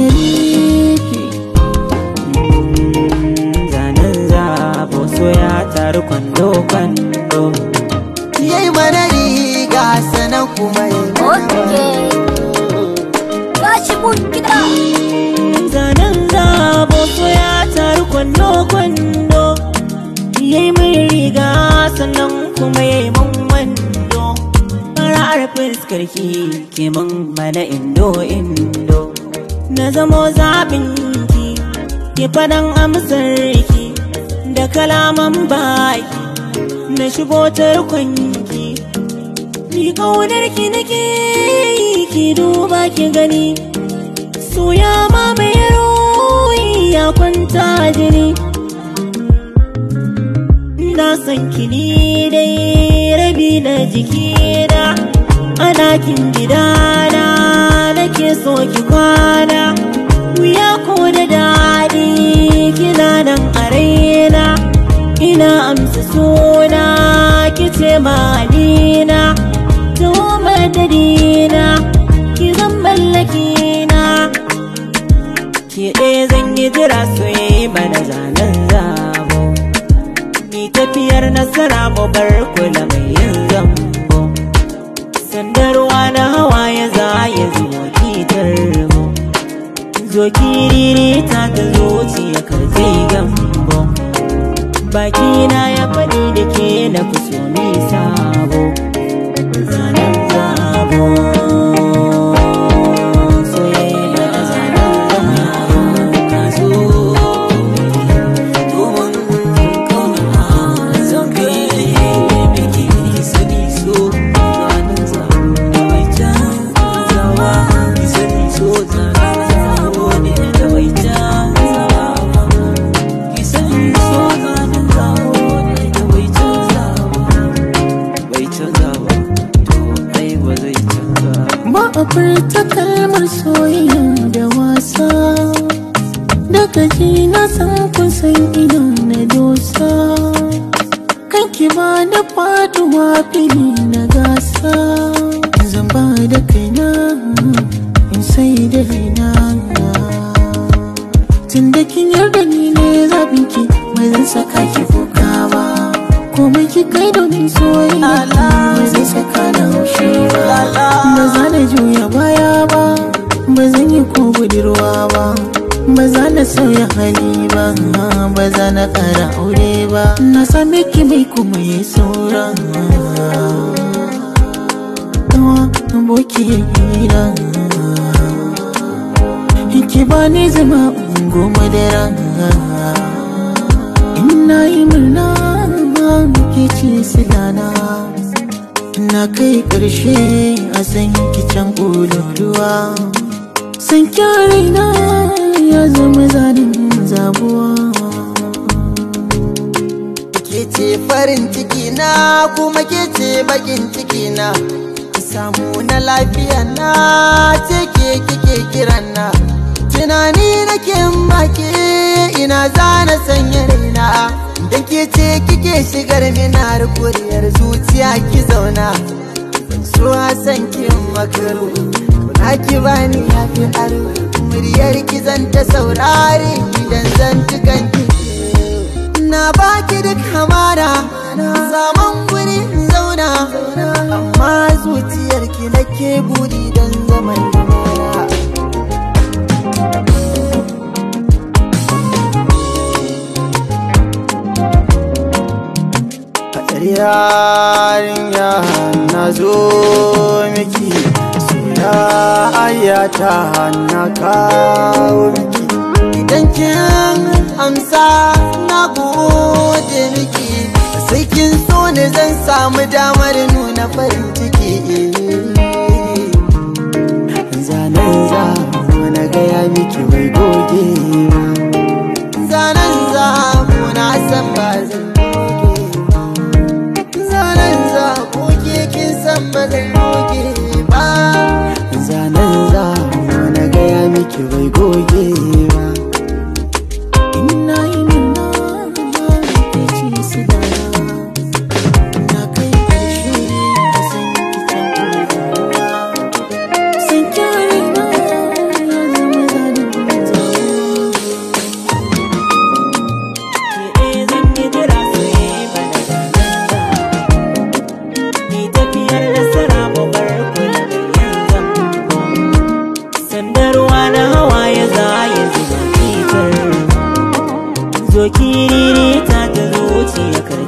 shariki zanen zabo so ya taru kwando kwando yayi mana riga sanan kuma yi zanen zabo so ya taru kwando kwando Yai mai riga sannan kuma yayi man wando fara'ar fuskar ki ke mana indo indo na zamo zaɓinki ki faɗan ki, da kalaman baki na shigo tarkonki ni ƙaunarki nake ki duba ki gani soya ma mai yaro ya kwanta jini na san ki ni dai rabi na jiki da a ɗakin gidana nake so ki kwana wuya ko da daɗi kina nan a raina ina amsa suna ma alina to madadina ki zan mallaki na ke ɗaya zan yi jira yi mana zanen zabo ni tafiyar nasara mu bar kula mai yin sandarwa na hawa ya zaya zuwa kitar mu zo kiriri ta ga zuciya kar zai gambo baki na ya faɗi da ke na kuso ni sabo zanen sabo. furta kalmar soyayya da wasa daga ji na san kun san idan na dosa kanki ki ba na faduwa fili na gasa zan ba da domin soyayya ba zai saka na haushi ba ba za na juya baya ba ba zan yi ko budurwa ba ba za na sauya hali ba ba za na kara aure ba na same ki mai kuma yi saura hira ki ba ni zama ungo madara ina yi murna muke ci dana na kai ƙarshe a san kicin ƙololuwa san na ya zama zanen zabuwa ke ce farin ciki na kuma ke ce bakin ciki na samu na lafiya na ce ke kike kiran na tunani nake make shigar minar kuriyar zuciya ki zauna so san ki makaru kuna ki bani fi aro muryar ki zan ta saurare idan zan ci kanki na baki duk hamara zaman guri yarinya na zo miki suna ayyata na kawo miki idan kin amsa na gode miki sai kin so ne zan samu damar nuna farin ciki